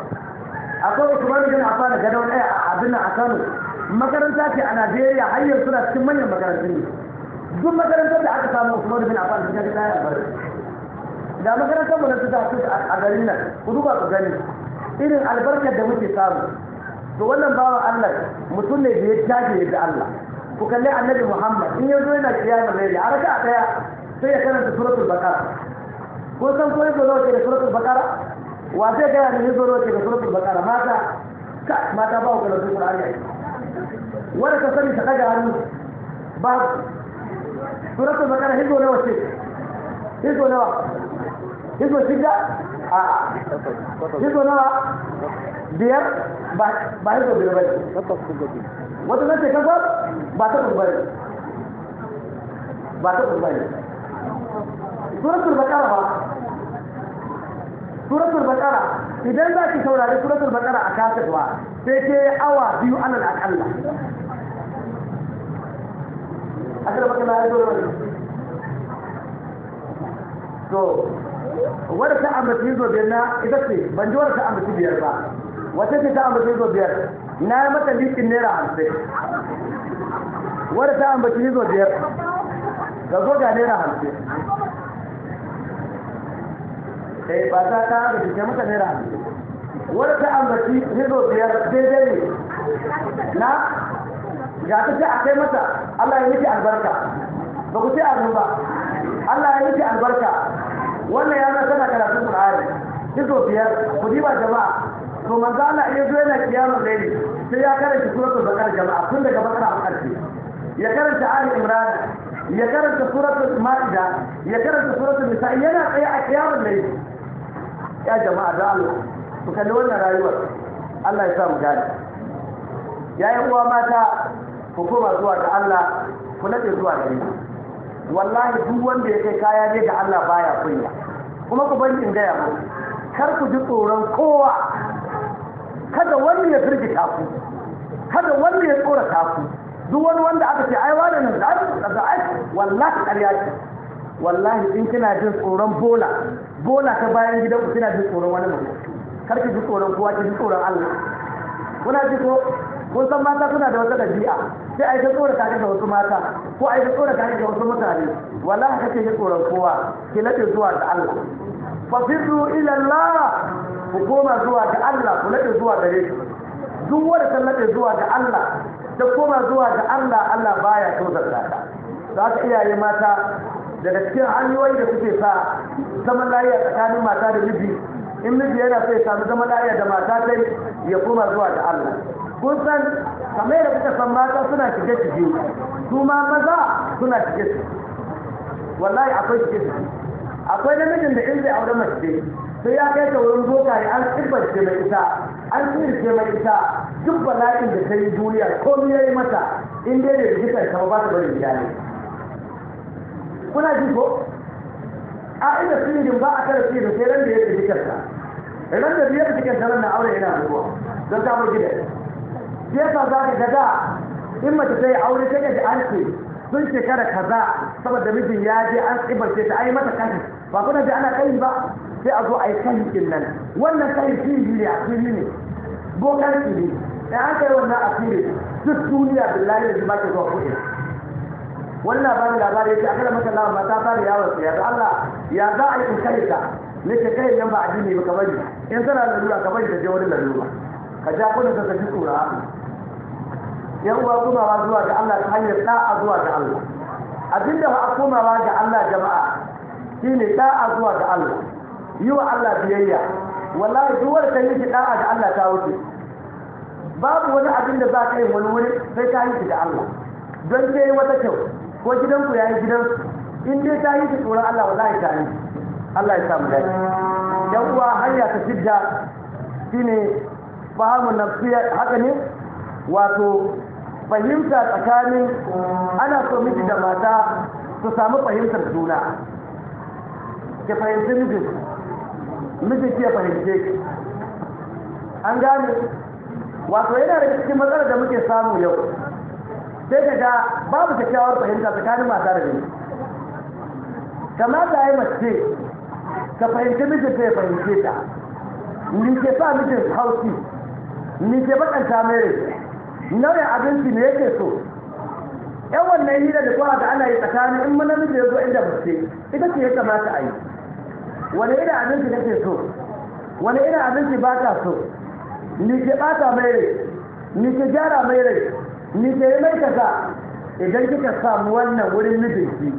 akwai Usman bin Affan gadon ɗaya a abin a Kano makaranta ce a Najeriya har yanzu suna cikin manyan makarantun ne duk makarantar da aka samu Usman bin Affan cikin ta yi bar. da makarantar mu na su ta a garin nan ku duba ku gani irin albarkar da muke samu to wannan bawan Allah mutum ne da ya tafi da Allah ku kalli annabi Muhammad in ya zo yana kiyama mai a raka'a daya sai ya karanta suratul baqara ko san ko yazo zuwa da suratul baqara wa zai ga yana yazo wace da suratul baqara mata ka mata ba ku da suratul Qur'ani wanda ka sani ta ga hannu ba suratul bakara hizo nawa ce hizo nawa hizo shida ah, ah. hizo nawa biyar ba hizo biyar bane wata zan ce takwas ba takwas bane ba takwas bane suratul bakara ba suratul bakara idan za ki saurari suratul bakara a kaset ba sai ke awa biyu alal akalla aka da makana wani ta ambaci biyar na ita ce ban ji ta ambaci biyar ba wata ce ta ambaci biyar na mata likin naira hamsin wadda ta ambaci zo biyar ga zo ga naira hamsin eh ba ta ta ambaci ke mata naira hamsin wadda ta ambaci biyar na ya ta ce a kai mata Allah ya miki albarka ba ku ce amin ba Allah ya miki albarka wannan yana tana karatun Qur'ani kizo biyar ku diba jama'a to manzo Allah ya zo yana kiyamun laili sai ya karanta suratul baqara jama'a tun daga bakara har karshe ya karanta Ali Imran ya karanta suratul Ma'ida ya karanta suratul Nisa yana tsaye a kiyamar laili ya jama'a da Allah ku kalli wannan rayuwar Allah ya sa mu gane yayin uwa mata ku koma zuwa ga Allah ku nade zuwa gare shi wallahi duk wanda ya kai kaya ne ga Allah baya kunya kuma ku bari in gaya muku kar ku ji tsoron kowa kada wani ya firgita ku kada wani ya tsorata ku duk wani wanda aka ce ai wani nan da da ai wallahi ƙarya ce wallahi in kina jin tsoron bola bola ta bayan gidan ku kina jin tsoron wani mutum kar ki ji tsoron kowa ki ji tsoron Allah kuna ji ko kun san mata kuna da wata dabi'a sai a yi ta tsorata ka da wasu mata ko a yi ta tsorata ka da wasu mutane wallahi kake yi tsoron kowa ke laɗe zuwa ga Allah fa fitu ila Allah ku koma zuwa ga Allah ku laɗe zuwa gare shi duk wanda ta laɗe zuwa ga Allah ta koma zuwa ga Allah Allah baya da ta za ka iyaye mata daga cikin hanyoyi da suke sa zaman lafiya tsakanin mata da miji in miji yana sai ya samu zaman lafiya da mata sai ya koma zuwa ga Allah kun san kamar da kuka san mata suna shige shige su ma maza suna shige shige wallahi akwai shige shige akwai namijin da in zai aure mace sai ya kai ta wurin boka ne an ce mai ita an ce mai ita duk bala'in da ta yi duniya ko ya yi mata in dai da rikitar ta ba ta bari gida ne kuna ji ko a inda sirrin ba a tara sirrin sai ran da ya rikitar ta ran da biyar rikitar ta ran na aure yana zuwa don samun gida je za ka gada in mace ta yi aure ta ka ji an ce sun shekara kaza saboda mijin ya je an tsibarce ta ai mata kashi ba kuna ji ana kai ba sai a zo a yi kai din nan wannan kai shi ne a fili ne bokan fili da an kai wannan a fili duk duniya billahi da ba ta zuwa kuɗi wannan ba labari yake akalla mata lawa mata fara yawon su ya ga Allah ya za a yi in kai ta ne ke kai nan ba addini ba ka bari in tana lalura ka bari ta je wani lalura ka ja kuna ta tafi kura. yan uwa komawa zuwa ga Allah ta hanyar da'a zuwa ga Allah abinda ba a komawa ga Allah jama'a shine da'a zuwa ga Allah yi wa Allah biyayya wallahi duk ta ka yi shi da'a ga Allah ta wuce babu wani abin da za ka yi wani wuri sai ka yi shi Allah don ke yi wata kyau ko gidanku ya yi gidansu in dai ta yi shi tsoron Allah wallahi ta yi Allah ya samu dai yan uwa hanya ta shi shine fahimun nafsiyya haka ne wato fahimta tsakanin ana so miji da mata su samu fahimtar juna ki fahimci mijin mijin ke ya fahimce an gane wato yana da cikin matsalar da muke samu yau sai ka ga babu kyakkyawar fahimta tsakanin mata da miji kamata yi mace ka fahimci mijin ta ya fahimce ta ni ke sa mijin haushi ni ke bakanta mai nauyin abinci ne yake so yan wannan hira da kowa da ana yi tsakanin in namiji ya zo inda mace ita ce ya kamata a yi wani irin abinci nake so wani irin abinci ba ta so ni ke bata mai rai ni ke gyara mai rai ni ke yi mai kasa idan kika samu wannan wurin mijinki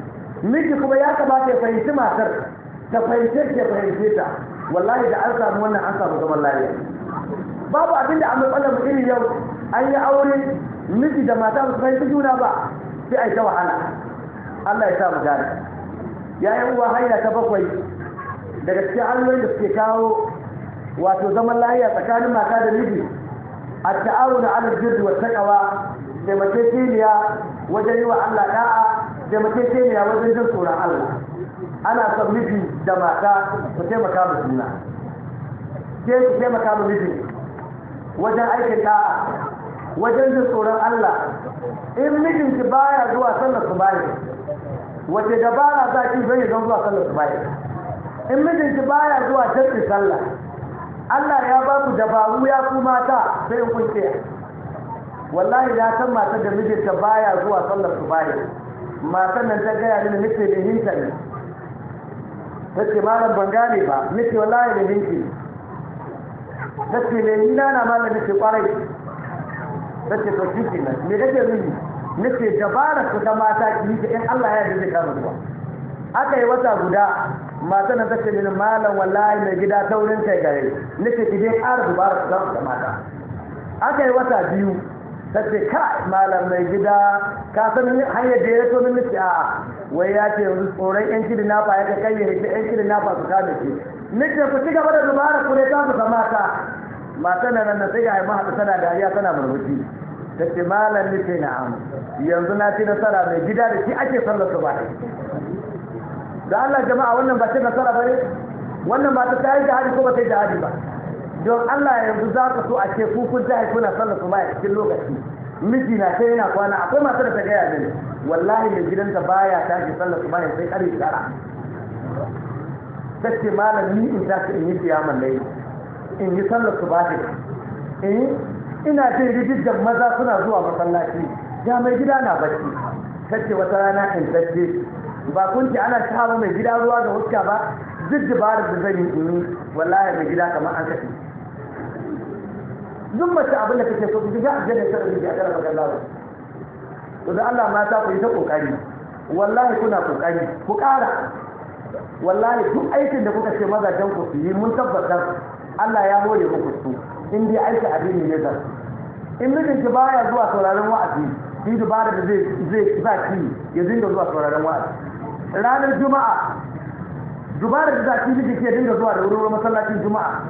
miji kuma ya kamata ya fahimci matar ta fahimce ke fahimce ta wallahi da an samu wannan an samu zaman lafiya babu abinda an mu iri yau an yi aure miji da mata ba su fahimci juna ba sai a yi ta wahala Allah ya sa mu gane yi uwa hanya ta bakwai daga cikin hanyoyin da suke kawo wato zaman lahiya tsakanin mata da miji a ta'awun ala jirgi wa taqwa taimakekeniya wajen yi wa Allah da'a taimakekeniya wajen jin tsoron Allah ana son miji da mata su taimaka mu juna ke su taimaka mu miji wajen aikin da'a wajen jin tsoron Allah in mijinki baya zuwa sallar su baya wace dabara za ki zai zan zuwa sallar su baya in mijinki baya zuwa jirgin sallah Allah ya ba ku dabaru ya ku mata sai in kun wallahi ya san mata da mijinta baya zuwa sallar su baya matan nan ta gaya mini mace da hinta ne take malam ban gane ba mace wallahi da hinki take ne ina na na malam kwarai na ce to shi na, me kake nuni nake ce dabara ku ta mata ki yi in Allah ya yarda zai kama zuwa aka yi wata guda mata na tace min malam wallahi mai gida taurin kai gare nake ce ki dai ƙara dabara ku ta mata aka yi wata biyu ta ce ka malam mai gida ka san hanyar da ya so miki a wai ya ce yanzu tsoron yan kidi na fa ya ka kai ya yan kidi na fa su da ke nake ku ci gaba da dubara ku ne ta su mata matan nan sai ga ai mahaifa tana dariya tana murmushi ta ce malam ni na amu. yanzu na ci nasara mai gida da shi ake sallar su ba da Allah jama'a wannan ba ce nasara ba ne wannan ba ta tayi da hadi ko ba ta yi da hadi ba don Allah yanzu za ka so a ce ku kun kuna sallar su ba a cikin lokaci miji na sai yana kwana akwai masu da ta gaya mini wallahi mai gidansa baya tashi sallar su ba sai ƙarfi tsara ta ce malam ni in tashi in yi kiyaman layi in yi sallar su ba in ina jin rijijjar maza suna zuwa masallaci ya mai gida na bacci kace wata rana in tace ba kun ji ana tsaba mai gida ruwa da huska ba duk ba da zan yi in wallahi mai gida kamar an kashe duk mace abin da kake so ki ga aljanna ta da a karama kallawa to da Allah mata ku yi ta kokari wallahi kuna kokari ku kara wallahi duk aikin da kuka ce mazajen ku yi mun tabbatar Allah ya hore muku su in dai aiki addini ne zan in mijin ki baya zuwa sauraron wa'azi shi dubara da zai zai za ki ya dinga zuwa sauraron wa'azi ranar juma'a dubara da zaki ki ke dinga zuwa da wurin masallacin juma'a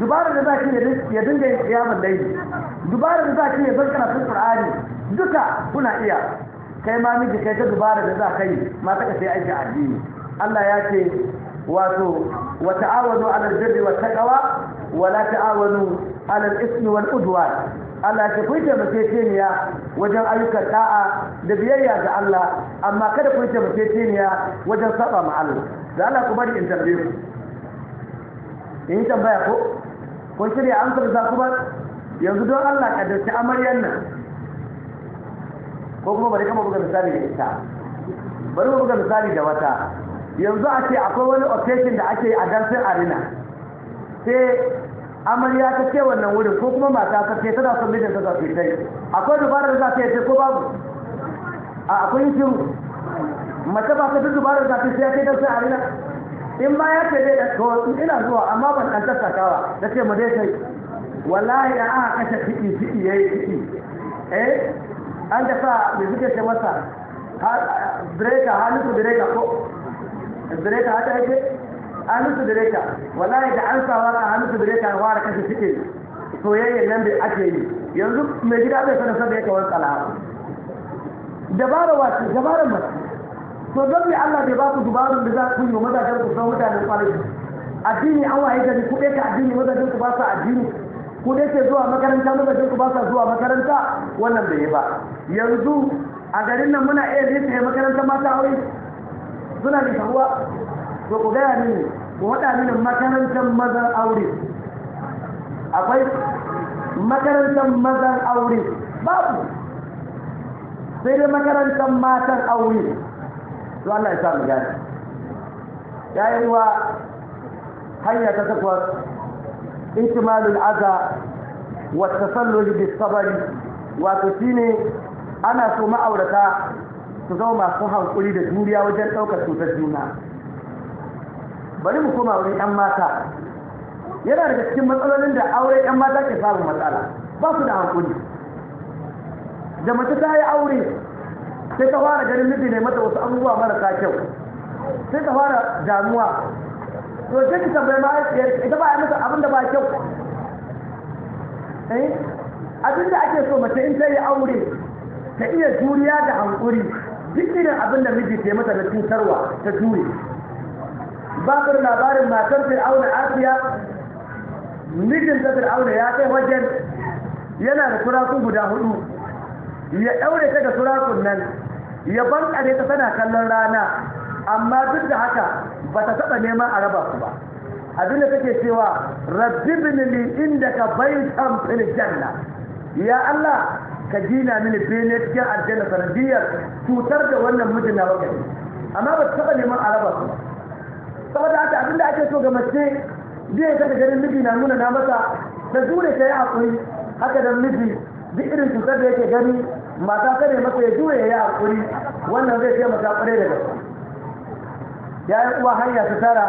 dubara da zaki ne ya dinga yin qiyamul layli dubara da zaki ki ya zan karatun qur'ani duka kuna iya kai ma miji kai ta dubara da zakai ma ta kai aiki addini Allah ya ce wato wa ta'awadu 'alal birri wat taqwa wala ta'awanu ala al-ismi wal udwan Allah ce ku taimakekeniya wajen ayyukan da'a da biyayya ga Allah amma kada ku taimakekeniya wajen saba ma Allah da Allah ku bari in tambaye ku in tambaya ko kun shirya amsar za ku bar yanzu don Allah kaddarci amaryan nan ko kuma bari kama buga misali da ita bari mu buga misali da wata yanzu a ce akwai wani occasion da ake yi a dancing arena sai amarya ta ce wannan wurin ko kuma mata ta ce tana son mijinta za su yi tai akwai dubarar za ta yi ko babu a akwai shiru mace ba ta fi dubarar za ta yi sai ta sai a rina in ba ya ce dai da to ina zuwa amma ban ɗan tattakawa na ce mu dai sai wallahi da aka kashe fiki ciki yayi fiki eh an da sa da suke ce masa direka halittu direka ko direka ta yake hannunsu da reka wallahi da an sawa ka hannunsu da reka wa da kashe suke soyayyen nan da ake yi yanzu mai gida zai sanar da yake wani tsala dabara wace dabarar masu to don me Allah bai ba ku dubarun da za ku yi wa mazajen ku san mutanen kwarai addini an waye gari ku ɗaya ka addini mazajen ku ba sa addini ku ɗaya ke zuwa makaranta mazajen ku ba sa zuwa makaranta wannan bai yi ba yanzu a garin nan muna iya nesa ya makarantar mata aure suna nisa ruwa to ku gaya mini ku haɗa mini makarantar mazan aure akwai makarantar mazan aure babu sai dai makarantar matan aure to Allah ya sa mu gani yayin wa hanya ta takwas ihtimalul aza wa tasallul bis wato shine ana so ma'aurata su zama masu hankuli da juriya wajen ɗaukar cutar juna bari mu koma wurin yan mata yana daga cikin matsalolin da aure yan mata ke samun matsala ba su da hankuli da mace ta yi aure sai ta fara ganin miji ne mata wasu abubuwa marasa kyau sai ta fara damuwa to sai ki tambayi ma ita ba a mata abin da ba kyau eh abin da ake so mace in ta yi aure ta iya juriya da hankuri duk irin abin da miji ke mata na cutarwa ta jure bakar labarin matar fir'auna asiya mijin ta fir'auna ya kai wajen yana da turakun guda hudu ya daure ta da turakun nan ya bankare ta tana kallon rana amma duk da haka ba ta taɓa neman a raba ku ba Abinda kake take cewa rabbi binili inda ka fil janna ya Allah ka gina mini bene cikin aljanna sanadiyar cutar da wannan mijin na wakari amma ba ta taɓa neman a raba ku ba saboda haka abin da ake so ga mace zai ta da garin miji na nuna na masa da jure ta yi hakuri haka da miji duk irin cutar da yake gani mata ta ne masa ya jure ya yi hakuri wannan zai taimaka kwarai da gaske ya yi uwa hanya ta tara